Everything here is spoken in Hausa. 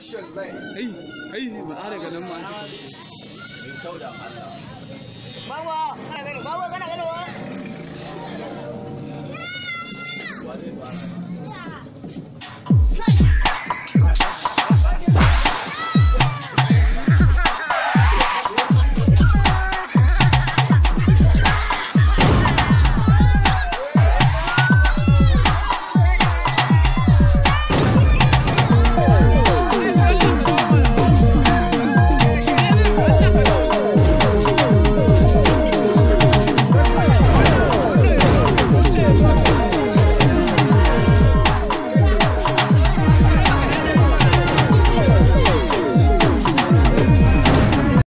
Shallai. Ai, ai, ba a daga nan ma. kana